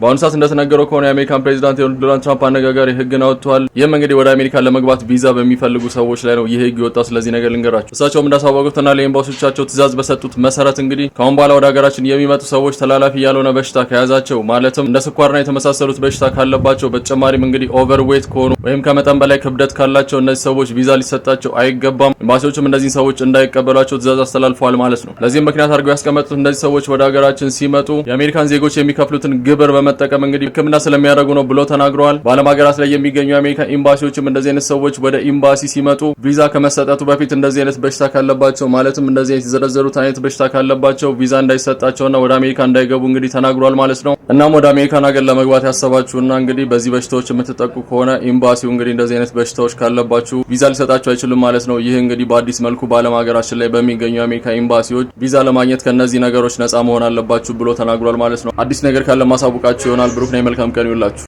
በአሁኑ ሰዓት እንደተነገረው ከሆነ የአሜሪካን ፕሬዚዳንት ዶናልድ ትራምፕ አነጋጋሪ ህግን አውጥተዋል። ይህም እንግዲህ ወደ አሜሪካ ለመግባት ቪዛ በሚፈልጉ ሰዎች ላይ ነው ይህ ህግ የወጣው። ስለዚህ ነገር ልንገራቸው። እሳቸውም እንዳሳወቁትና ለኤምባሲዎቻቸው ትእዛዝ በሰጡት መሰረት እንግዲህ ከአሁን በኋላ ወደ ሀገራችን የሚመጡ ሰዎች ተላላፊ ያልሆነ በሽታ ከያዛቸው ማለትም እንደ ስኳርና የተመሳሰሉት በሽታ ካለባቸው በተጨማሪም እንግዲህ ኦቨርዌት ከሆኑ ወይም ከመጠን በላይ ክብደት ካላቸው እነዚህ ሰዎች ቪዛ ሊሰጣቸው አይገባም። ኤምባሲዎችም እነዚህን ሰዎች እንዳይቀበሏቸው ትእዛዝ አስተላልፈዋል ማለት ነው። ለዚህም ምክንያት አድርገው ያስቀመጡት እነዚህ ሰዎች ወደ ሀገራችን ሲመጡ የአሜሪካን ዜጎች የሚከፍሉትን ግብር በመጠቀም እንግዲህ ሕክምና ስለሚያደርጉ ነው ብሎ ተናግረዋል። በዓለም ሀገራት ላይ የሚገኙ የአሜሪካ ኤምባሲዎችም እንደዚህ አይነት ሰዎች ወደ ኤምባሲ ሲመጡ ቪዛ ከመሰጠቱ በፊት እንደዚህ አይነት በሽታ ካለባቸው ማለትም እንደዚህ አይነት የተዘረዘሩት አይነት በሽታ ካለባቸው ቪዛ እንዳይሰጣቸውና ወደ አሜሪካ እንዳይገቡ እንግዲህ ተናግሯል ማለት ነው። እናም ወደ አሜሪካን ሀገር ለመግባት ያሰባችሁና እንግዲህ በዚህ በሽታዎች የምትጠቁ ከሆነ ኤምባሲው እንግዲህ እንደዚህ አይነት በሽታዎች ካለባችሁ ቪዛ ሊሰጣችሁ አይችልም ማለት ነው። ይህ እንግዲህ በአዲስ መልኩ በዓለም ሀገራችን ላይ በሚገኙ የአሜሪካ ኤምባሲዎች ቪዛ ለማግኘት ከእነዚህ ነገሮች ነጻ መሆን አለባችሁ ብሎ ተናግሯል ማለት ነው። አዲስ ነገር ካለ ማሳወቃችሁ የምነግራችሁ ይሆናል። ብሩክ ነኝ። መልካም ቀን ይውላችሁ።